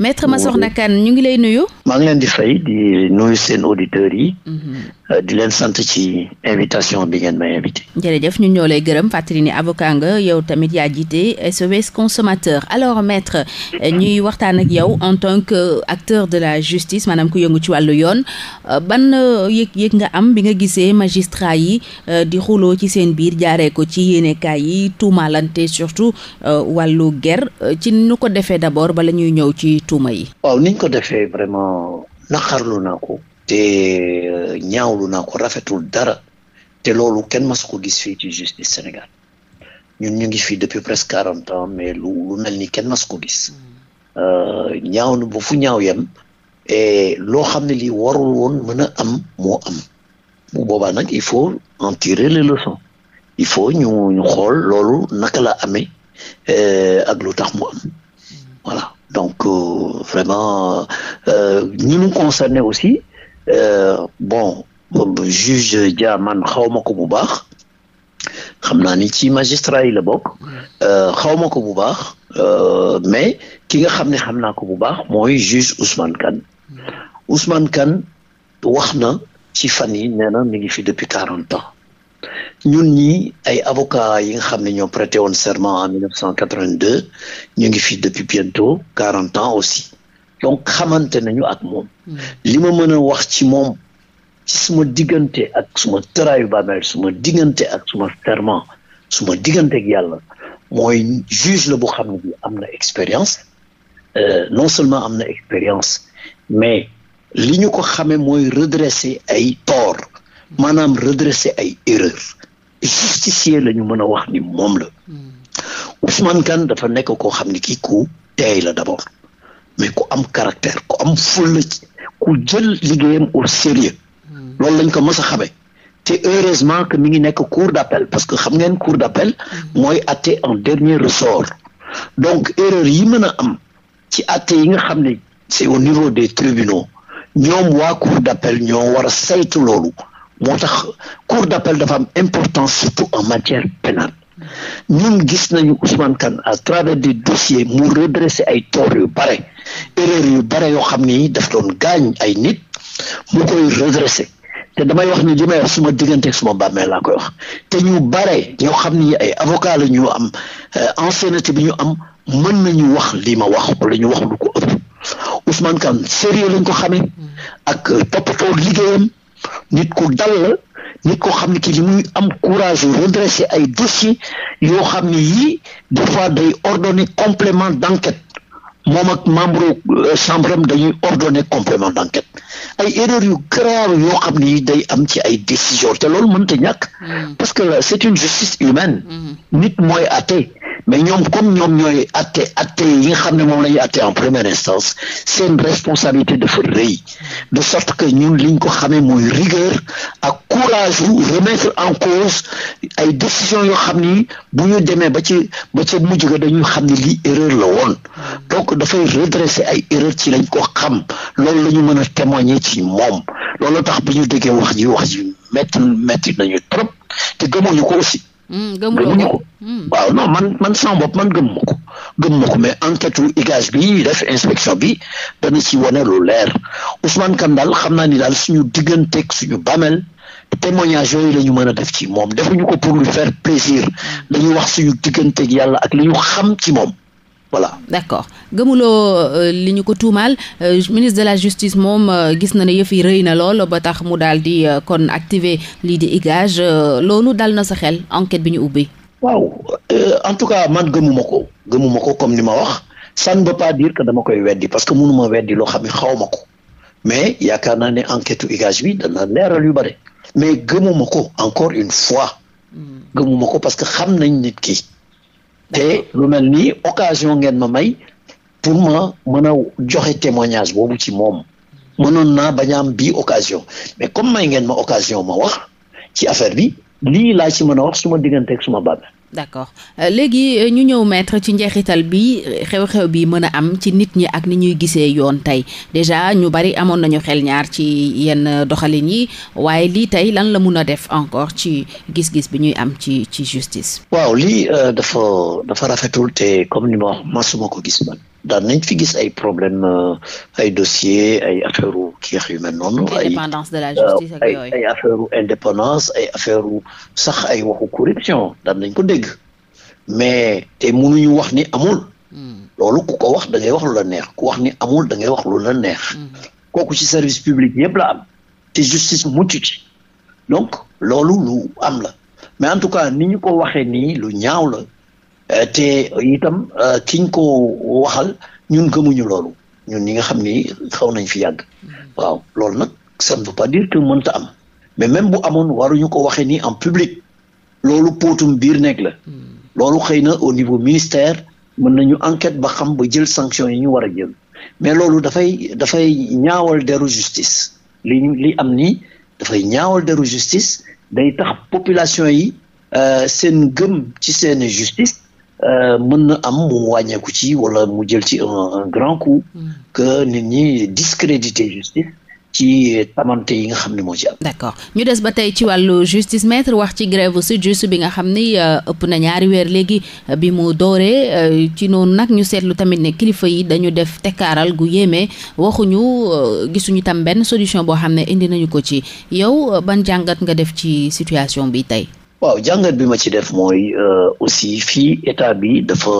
maitre maître Massokhna Kane ñu ngi lay nuyu. moo ngi leen di fay di nuyu seen auditeurs yi. Mhm. Euh, di leen sant ci invitation bi ngeen may invité. jërëjëf ñun ñoo lay gërëm fàttali ni avocat nga yow tamit yaa jiite SOS consommateur alors maître euh, ñuy waxtaan ak yow en tant que acteur de la justice maanaam ku yëngu ci wàllu yoon euh, ban yëg-yëg nga am bi nga gisee magistrat yi di xuloo ci seen biir jaaree ko ci yéenekaay yi tuumaalante surtout wàllu ger ci nu ko defee d'abord bala ñuy ñëw ci. tuuma yi. waaw niñ ko defee vraiment naqarlu naa ko. te euh, ñaawlu naa ko rafetul dara. te loolu kenn mas ko gis fii ci justice Sénégal ñun ñu ngi fii depuis presque quarante ans mais lu lu mel ni kenn mas ko gis mm. euh, ñaaw na ba fu ñaaw yem et loo xam ne lii warul woon mën a am moo am mu boobaa nag il faut en tirer les leçons il faut ñu ñu xool loolu naka la ame amee euh, ak lu tax mu am mm. voilà. donc euh, vraiment euh, ñi mu concerné aussi euh, bon juge Dia man xaw ma ko bu baax xam naa ni ci magistrat yi la bokk xaw ma ko bu baax mais ki nga xam ne xam naa ko bu baax mooy juge Ousmane Kane Ousmane Kane wax na ci fan yi nee na mi ngi fi depuis quarante ans ñun ñi ay avocats yi nga xam ne ñoo prêté woon serment en 1982 ñu ngi fi depuis bientôt quarante ans aussi donc xamante nañu ak moom hmm. li ma mën a wax ci moom ci suma diggante ak suma tëraayu bàmmeel suma diggante ak suma serment suma diggante ak yàlla mooy juge la bu xam ne bi am na expérience euh, non seulement am na expérience mais li ñu ko xamee mooy redresser ay tort maanaam redresser ay erreur justicier la ñu mën a wax ni moom la Ousmane Kane dafa nekk koo xam ne kii ku teey la d'abord mais ku am caractère ku am fulla ku jël liggéeyam au sérieux loolu lañ ko mës a te heureusement que mi ngi nekk cour d'appel parce que xam ngeen cour d'appel mooy atte en dernier ressort donc erreur yi mën a am ci atte yi nga xam ne c'est au niveau des tribunaux ñoom waa cour d'appel ñoo war a loolu moo tax cour d'appel dafa am importance surtout en matière pénale ñun gis nañu Ousmane Kane à travers des dossiers mu redressé ay tort yu bare erreur yu bare yoo xam ni daf doon gaañ ay nit mu koy redressé te damay wax ni li may wax suma diggante suma bàmmeel laa koy wax te ñu bare ñoo xam ni ay avocat la ñu am euh, ancienneté bi ñu am mën nañu wax lii ma wax walla ñu wax lu ko ëpp Ousmane Kane sérieux lañ ko xamee mm. ak euh, toppatoo liggéeyam nit ku dal la nit ko xam ne ki li muy am courage redresser ay dossier yoo xam ne yi des day ordonne complément d'enquête moom ak membre euh, chambrem dañuy ordonner complément d'enquête ay erreurs yu grave yoo xam ne yi day am ci ay décision te loolu mënta ñàkk mm. parce que c'est une justice humaine mm-hmm. nit mooy atte mais ñoom comme ñoom ñooy atte atte yi nga xam ne moom la ñuy atte en première instance seen responsabilité dafa rëy de sorte que ñun liñ ko xamee mooy rigueur ak courage u remettre en cause ay décisions yoo xam ni bu ñu demee ba ci ba ca mujj ga dañu xam ne lii erreur la woon donc dafay redresser ay erreur ci lañ ko xam loolu la ñu mën a témoigner ci moom loolu tax bu ñu déggee wax ji wax ji métti métti nañu trop te gëmuñu ko aussi Hmm, gëmuloo ko hmm. waaw non man man sama bopp man gëm ma ko gëm ma ko mais enquête yu IGAJ bi def inspection bi dana ci wane lu leer Ousmane Kane daal xam naa ni daal suñu digganteeg suñu bàmmeel témoignage yooyu la ñu mën a def ci moom defuñu ko pour lui faire plaisir hmm. dañuy wax suñu digganteeg yàlla ak li ñu xam ci moom voilà d'accord gëmuloo euh, li ñu ko tuumaal euh, ministre de la justice moom euh, gis na ne yëf yi rëy na lool ba tax mu daal di kon activer lii di igage loolu dal na sa xel enquête bi ñu ubbi waaw en tout cas man gëmuma ko gëmuma ko comme ni ma wax ça ne veut pas dire ko dama koy weddi parce que mënuma weddi loo xam ne ma ko mais yaakaar naa ne enquête igage bi dana leeral yu bare mais gëmuma ko encore une fois hmm. gëmuma ko parce que xam nañ nit ki te lu mel ni occasion ngeen ma may pour ma mën a joxe témoignage boobu ci moom mënoon naa bañ a am bii occasion mais comme may ngeen ma occasion ma wax ci affaire bi lii laa ci mën a wax suma diggante ak suma bàmmeel. d'accord euh, léegi euh, ñu ñëw maître ci njeexital bi xew-xew bi mën a am ci nit ñi ak ni ñuy gisee yoon tey déjà ñu bari amoon nañu xel ñaar ci yenn doxalin yi waaye lii tey lan la mun a def encore ci gis-gis bi ñuy am ci ci justice. waaw lii euh, dafa dafa rafetul te comme ni ma wax ma suma ko gis man. daan nañ fi gis ay problème euh, ay dossier ay affaire u yu mel noonu. ay indépendance de la justice ak euh, yooyu indépendance ay affaire u sax ay waxu corruption daan nañ ko dégg mais te mu ñu wax ni amul. Hmm. loolu ku ko wax da ngay wax lu la neex ku wax ni amul da ngay wax lu la neex. Hmm. kooku ci service public yëpp la am te justice mucc ci donc loolu lu am la mais en tout cas ni ñu ko waxee nii lu ñaaw la. Eh, te itam eh, kiñ ko waxal ñun gëmuñu loolu ñun ñi nga xam ni xaw nañ fi yàgg waaw loolu nag ça ne veut pas dire que mënta am mais même bu amoon waruñu ko waxee nii en public loolu póotum biir nekk la hmm. loolu xëy na au niveau ministère mën nañu enquête ba xam ba jël sanction yi ñu war a jël mais loolu dafay dafay ñaawal deru justice li li am ni dafay ñaawal deru justice day tax population yi eh, seen gëm ci seen justice Euh, mën na am mu wàññeeku ci wala mu jël ci un grand coup hmm. que nit ñi discréditer justice ci tamante yi nga xam ne moo ci am. d'accord ñu des ba tey ci wàllu justice maître wax ci grève SYTJUST bi nga xam ni euh, ëpp na ñaari weer léegi euh, bi mu dooree ci noonu nag ñu seetlu tamit ne kilifa yi dañu def tekkaaral gu yéeme waxuñu gisuñu tam benn solution boo xam ne indi nañu ko ci yow ban jàngat nga def ci situation bi tey. waaw jàngat bi ma ci def mooy euh, aussi fii état bi dafa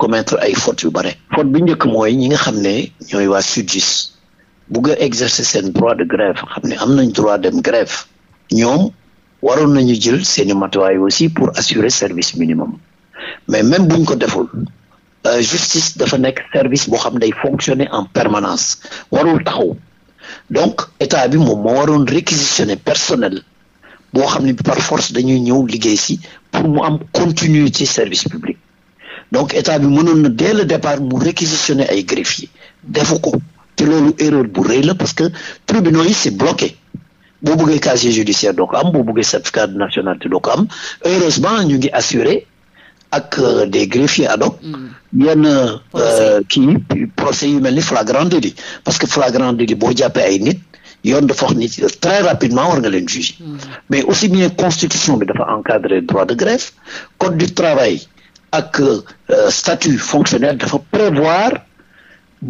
commettre ay fautes yu bare faute bi njëkk mooy ñi nga xam ne ñooy waa SYTJUST bugg a exercer seen droit de grève xam ne am nañ droit dem grève ñoom waroon ñu jël seeni matuwaay aussi pour assurer service minimum mais même buñ ko deful euh, justice dafa nekk service boo xam day fonctionner en permanence warul taxaw donc état bi moom moo waroon réquisitionner personnel boo xam ne bi par force dañuy ñëw liggéey si pour mu am continuité service public donc état bi mënoon na dès le départ mu réquisitionner ay greffiers defu ko te loolu erreur bu rëy la parce que tribunaux yi c'est bloqué boo bëggee casier judiciaire doo ko am boo bëggee certificat de nationalité doo ko am heureusement ñu ngi assuré ak euh, des greffiers ad hoc mm. yenn euh, kii procès yu mel ni flagrant délit parce que flagrant délit boo jàppee ay nit yoon de wax ni très rapidement war nga leen juger hmm. mais aussi bien constitution bi dafa encadrer droit de grève code du travail ak euh, statut fonctionnaire dafa prévoir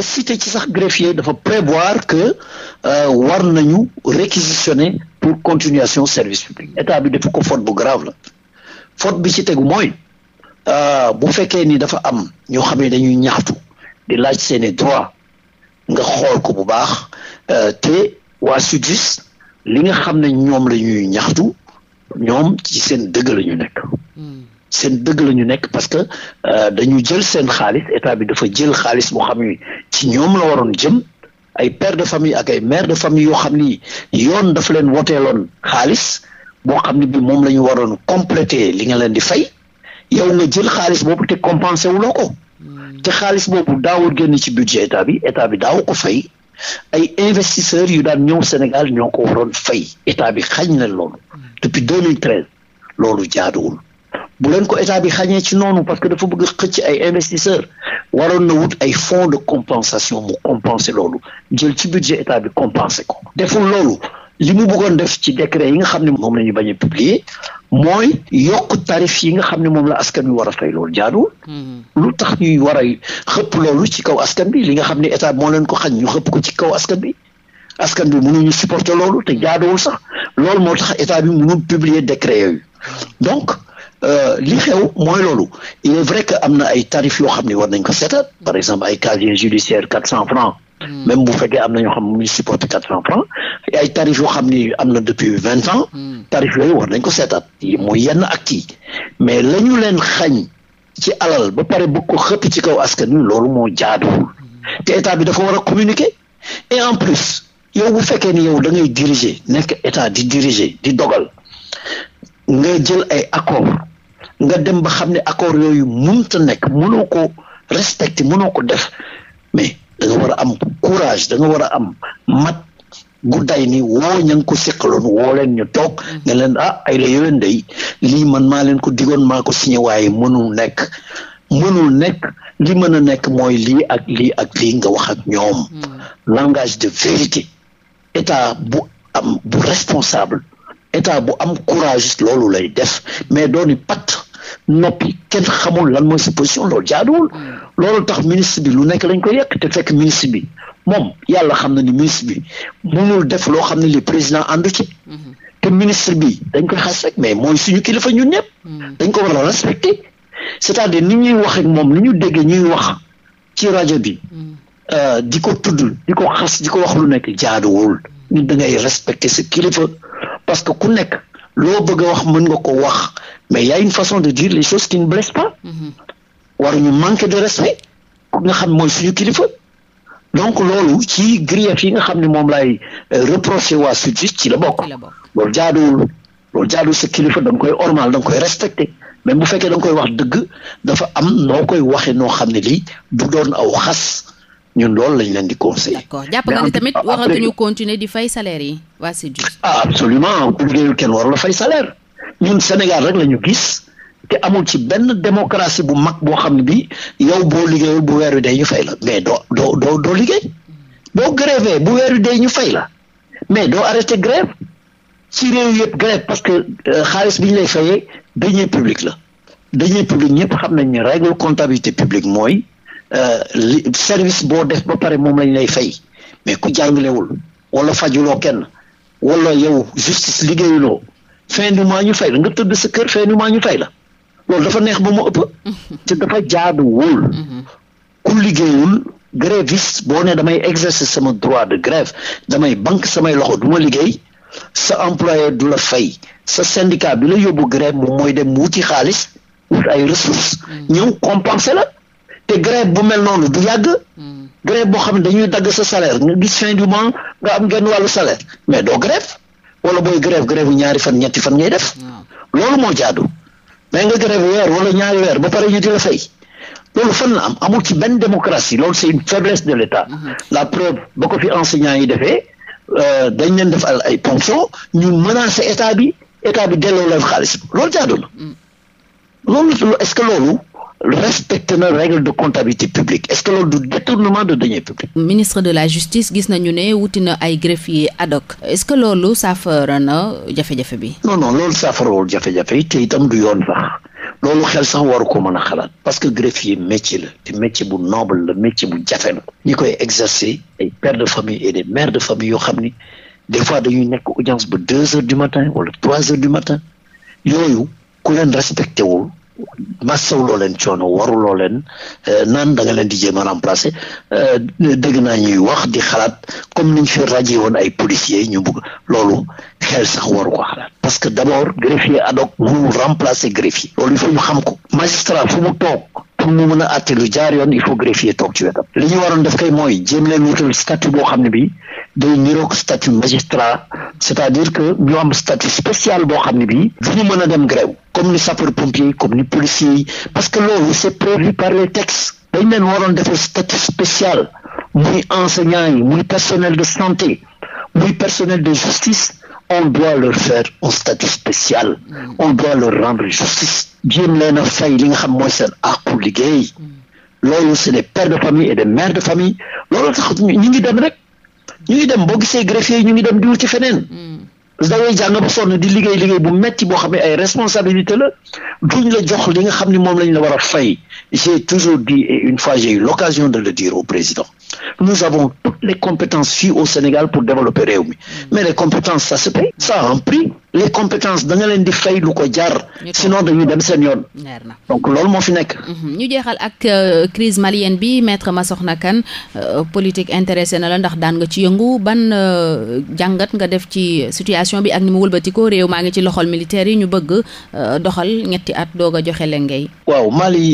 ci te ci sax greffier dafa prévoir que euh, war nañu réquisitionner pour continuation service public état bi defu ko foot bu grave la faute bi ci tegu mooy euh, bu fekkee ni dafa am ñoo xam ne dañuy ñaxtu di laaj seeni droit nga xool ko bu baax te waa sudis li nga xam ne ñoom la ñuy ñaxtu ñoom ci seen dëgg lañu ñu nekk hmm. seen dëgg la ñu nekk parce que euh, dañu jël seen xaalis état bi dafa jël xaalis boo xam ni ci ñoom la waroon jëm ay pere de famille ak ay mère de famille yoo xam ni yoon dafa leen woteeloon xaalis boo xam ne bi moom la ñu waroon complété li nga leen di fay yow nga jël xaalis boobu te compensé wuloo ko hmm. te xaalis boobu daawul génn ci budget état bi état bi daaw ko fay ay investisseurs yu daal ñëw Sénégal ñoo ko waroon fay état bi xañ leen loolu depuis 2013 loolu jaaduwul bu leen ko état bi xañee ci noonu parce que dafa bëgg xëcc ay investisseurs waroon na wut ay fonds de compensation mu compenser loolu jël ci budget état bi compenser ko deful loolu li mu bëggoon def ci décret yi nga xam ne moom la ñu bañ a publier mooy yokk tarif yi nga xam ne moom la askan wi war a fay loolu jaaduwul hmm. lu tax ñuy war a xëpp loolu ci kaw askan bi li nga xam ne état moo leen ko xañ ñu xëpp ko ci kaw askan bi askan bi mu mënuñu supporter loolu te jaaduwul sax loolu moo tax état bi mënul publier décret yooyu donc euh, li xew mooy loolu il est vrai que am na ay tarif yoo xam ne war nañ ko seetaat par exemple ay casier judiciaire quatre cent francs Hmm. même bu fekkee am na ñoo xam ne muy supporté quatre cent francs ay tarif yoo xam ni am na depuis vingt ans hmm. tarif yooyu war nañ ko seetaat mooy yenn ak yi mais lañu leen xañ ci alal ba pare bugg ko xëpp ci kaw askan wi loolu moo jaaduwul hmm. te état bi dafa war a communiquer et en plus yow bu fekkee ni yow da ngay diriger nekk état di diriger di dogal nga jël ay accord nga dem ba xam ne accord yooyu mënta nekk mënoo ko respecté mënoo ko def da nga war a am courage da nga war a am mat gu day ni woo ña ko seqaloon woo leen ñu toog ne leen ah ay la yowén day lii man maa leen ko digoon maa ko signé waaye mënul nekk mënul nekk li mën a nekk mooy lii ak lii ak lii nga wax ak ñoom hmm. langage de vérité état bu am bu responsable état bu am courage loolu lay def mais dooni pat noppi kenn xamul lan mooy sa loolu jaaduwul hmm. loolu tax ministre bi lu nekk lañ ko yekk te fekk ministre bi moom yàlla xam na ni ministre bi mënul def loo xam ne li président àndu ci te ministre bi dañ koy xas rek mais mooy suñu kilifa ñun ñëpp dañ ko war a respecté c'est-à-dire ni ñuy waxeek moom li ñu déggee ñuy wax ci rajo bi euh, di ko tudd di ko xas di ko wax lu nekk jaaduwul nit da ngay respecter sa kilifa parce que ku nekk loo bëgg a wax mën nga ko wax mais yaay a une façon de dire les choses qui ne blessent pas waruñu manquer de respect ku nga xam mooy suñu kilifa donc loolu ci grief yi nga xam ne moom laay euh, reprocher waa SYTJUST ci la bokk loolu jaaduwul loolu jaaduwul sa kilifa da koy ormal da nga koy respecté même bu fekkee da koy wax dëgg dafa am noo koy waxee noo xam ne lii du doon aw waxas ñun loolu lañ leen di conseillé. d'accord jàpp nga ni tamit waratuñu continuer di fay salaire yi waa SYTJUST. ah absolument ku liggéeyul kenn war la fay salaire ñun Sénégal rek la ñu gis. te amul ci benn démocratie bu mag boo xam ne bi yow boo liggéeyul bu weer wi day ñu fay la mais doo doo doo doo liggéey boo grévé bu weer wi dee ñu fay la mais doo arrêté grève ci réew yëpp grève parce que euh, xaalis bi ñu lay fayee dañuy publics la dañuy publics ñëpp xam nañ ne règle comptabilité publique mooy euh, li service boo def ba pare moom lañ lay fay mais ku jàngalewul wala fajuloo kenn wala yow justice liggéeyuloo fin du mois ñu fay la nga tëdd sa kër fin du mois ñu la loolu dafa neex ba mu ëpp te dafa jaaduwul mm-hmm. ku liggéeyul gréviste boo ne damay exercer sama droit de grève damay banque samay loxo du ma liggéey sa employeur du la fay sa syndicat bi la yóbbu grève moom mooy dem wuti xaalis wut ay ressources mm-hmm. ñëw compenser la te grève bu mel noonu du yàgg mm-hmm. grève boo xam ne dañuy dagg sa salaire nga gis fin du mois nga am genn wàllu salaire mais doo grève wala booy grève grève ñaari fan ñetti fan ngay def loolu moo jaadu mais nga grève weer wala ñaari weer ba pare ñu di la fay loolu fan la am amul ci benn démocratie loolu c'est une faiblesse de l'État mm-hmm. la preuve ba ko fi enseignants yi defee euh, dañ leen def ay ponction ñu menacer état bi état bi delloo la xaalis loolu jaadu na mm. loolu est-ce que loolu respecté na règle de comptabilité publique est-ce que loolu du détournement de deniers publics. ministre de la justice gis nañu ne wuti na ay greffier ad hoc est-ce que loolu saafara na jafe-jafe bi. non non loolu saafarawul jafe-jafe yi te itam du yoon sax loolu xel sax waru ko mën a xalaat parce que greffier métier la te métier bu noble la métier bu jafe la ñi koy exercer ay pères de famille et des mères de famille yoo xam ni des fois dañuy nekk audience ba deux heures du matin wala trois heures yooyu ku leen respecté wul. massawloo leen coono waruloo leen eh, naan da nga leen di jéem a remplacer eh, dëgg naa ñuy wax di xalaat comme niñ fi ràjjee woon ay policiers ñu bugg loolu xel sax waru ko xalaat parce que d' abord greffier ad hoc mënul remplacer greffier loolu il faut xam ko magistrat fu mu toog pour mu mën a àtte lu jaar yoon il faut greffier toog ci wetam li ñu waroon def koy mooy jéem leen wutal statut boo xam ne bii de day niroog statut magistrat c'est-à-dire que ñu am statut spécial boo xam ne bii du ñu mën a dem grève comme ni sapeur pompier comme ni policier parce que loolu c'est prévu par les textes dañ leen waroon defal statut spécial muy enseignants yi muy personnel de santé muy personnel de justice on doit leur faire un statut spécial on doit leur rendre justice jéem leen a fay li nga xam mooy seen àqu liggéey loolu c'est des pères de famille et des mères ñu ngi dem rek ñu dem boo gisee greffier yi ñu ngi dem di wut ci feneen. Hmm. da ngay jàng ba sonn di liggéey liggéey bu metti boo xam ne ay responsabilité la duñ la jox li nga xam ne moom lañ la war a fay j'ai toujours dit et une fois j'ai eu l'occasion de le dire au président nous avons toutes les compétences fii au Sénégal pour développer réew mi hmm. mais les compétences ça se paye ça a un les compétences da nga leen di fay lu ko jar sinon dañuy dem seen yoon donc loolu moo fi nekk mhm. ñu jeexal ak euh, crise malienne bi maître Massokhna Kane euh, politique intéressé na la ndax daan nga ci yëngu ban euh, jàngat nga def ci situation bi ak ni mu wëlbatikoo réew maa ngi ci loxol militaire yi ñu bëgg doxal ñetti at doog a joxe leen ngay waaw Mali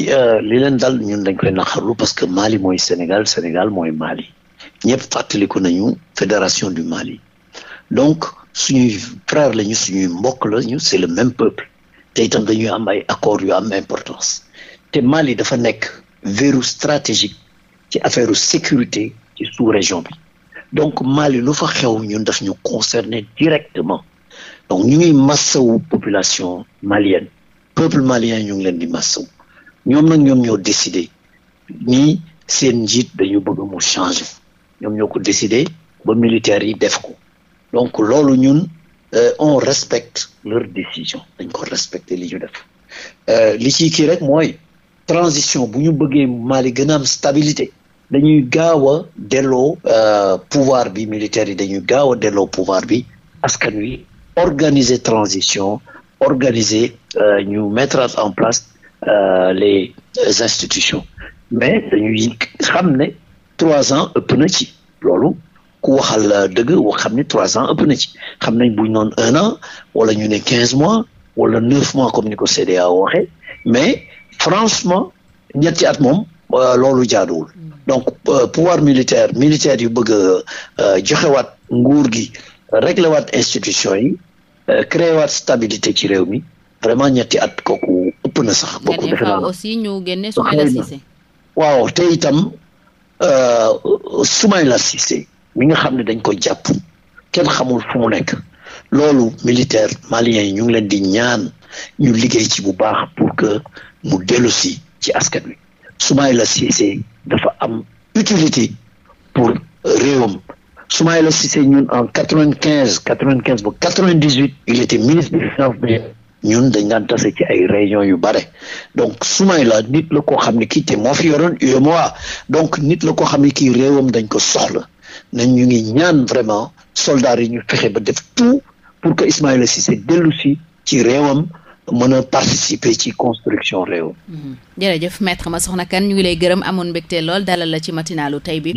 li leen dal ñun dañ koy naqarlu parce que Mali mooy Sénégal Sénégal mooy Mali ñëpp fàttaliku nañu fédération du Mali donc suñuy frère lañu suñuy mbokk lañu c'est le même peuple te itam dañuy am ay accords yu am importance te Mali dafa nekk verrou stratégique ci affaire sécurité ci sous-région bi donc Mali lu fa xew ñun daf ñu concerné directement donc ñu ngi massawu population malienne peuple malien ñu ngi leen di massawu ñoom nag ñoom ñoo décidé nii seen njiit dañu bëgg mu changer ñoom ñoo ko décidé ba militaire yi def ko donc loolu ñun euh, on respecte leur décision dañ ko respecter li ñu def euh, li ci kii rek mooy transition bu ñu bëggee Mali gën a stabilité dañuy gaaw a delloo euh, pouvoir bi militaire yi dañuy gaaw a delloo pouvoir bi que wi organiser transition organiser ñu mettre en place les institutions mais dañuy xam ne trois ans ëpp na ci loolu ku waxal dëgg wa xam ni trois ans ëpp na ci xam nañ buñ noon un an wala ñu ne quinze mois wala neuf mois comme ni ko CEDEAO waxee mais francement ñetti at moom euh, loolu jaaduwul donc euh, pouvoir militaire militaire yu bëgg a euh, joxewaat nguur gi réglé waat institution yi créé waat stabilité ci réew mi vraiment ñetti at kooku ëpp na sax kooku defe naa aussi ñu génne waaw te itam Soumaïla Cissé mi nga xam ne dañ ko jàpp kenn xamul fu mu nekk loolu militaire malien yi ñu ngi leen di ñaan ñu liggéey ci bu baax pour que mu dellusi ci askan wi la Cissé dafa am utilité pour réewam Soumaïla Cissé ñun en quatre vingt quinze quatre vingt quinze ba quatre vingt dix huit il était ministre des finances ñun dañ daan tase ci ay réunion yu bare donc Soumaïla nit la koo xam ne ki te moo fi yoroon UEMOA donc nit la koo xam ne kii réewam dañ ko soxla nañ ñu ngi ñaan vraiment soldats yi ñu fexe ba def tout pour que Ismaïla Cissé dellu si ci réewam mën a participer ci construction réew. Mm-hmm. jërëjëf maître Massokhna Kane ñu ngi lay gërëm amoon mbégte lool dalal la ci matinalu tey bi.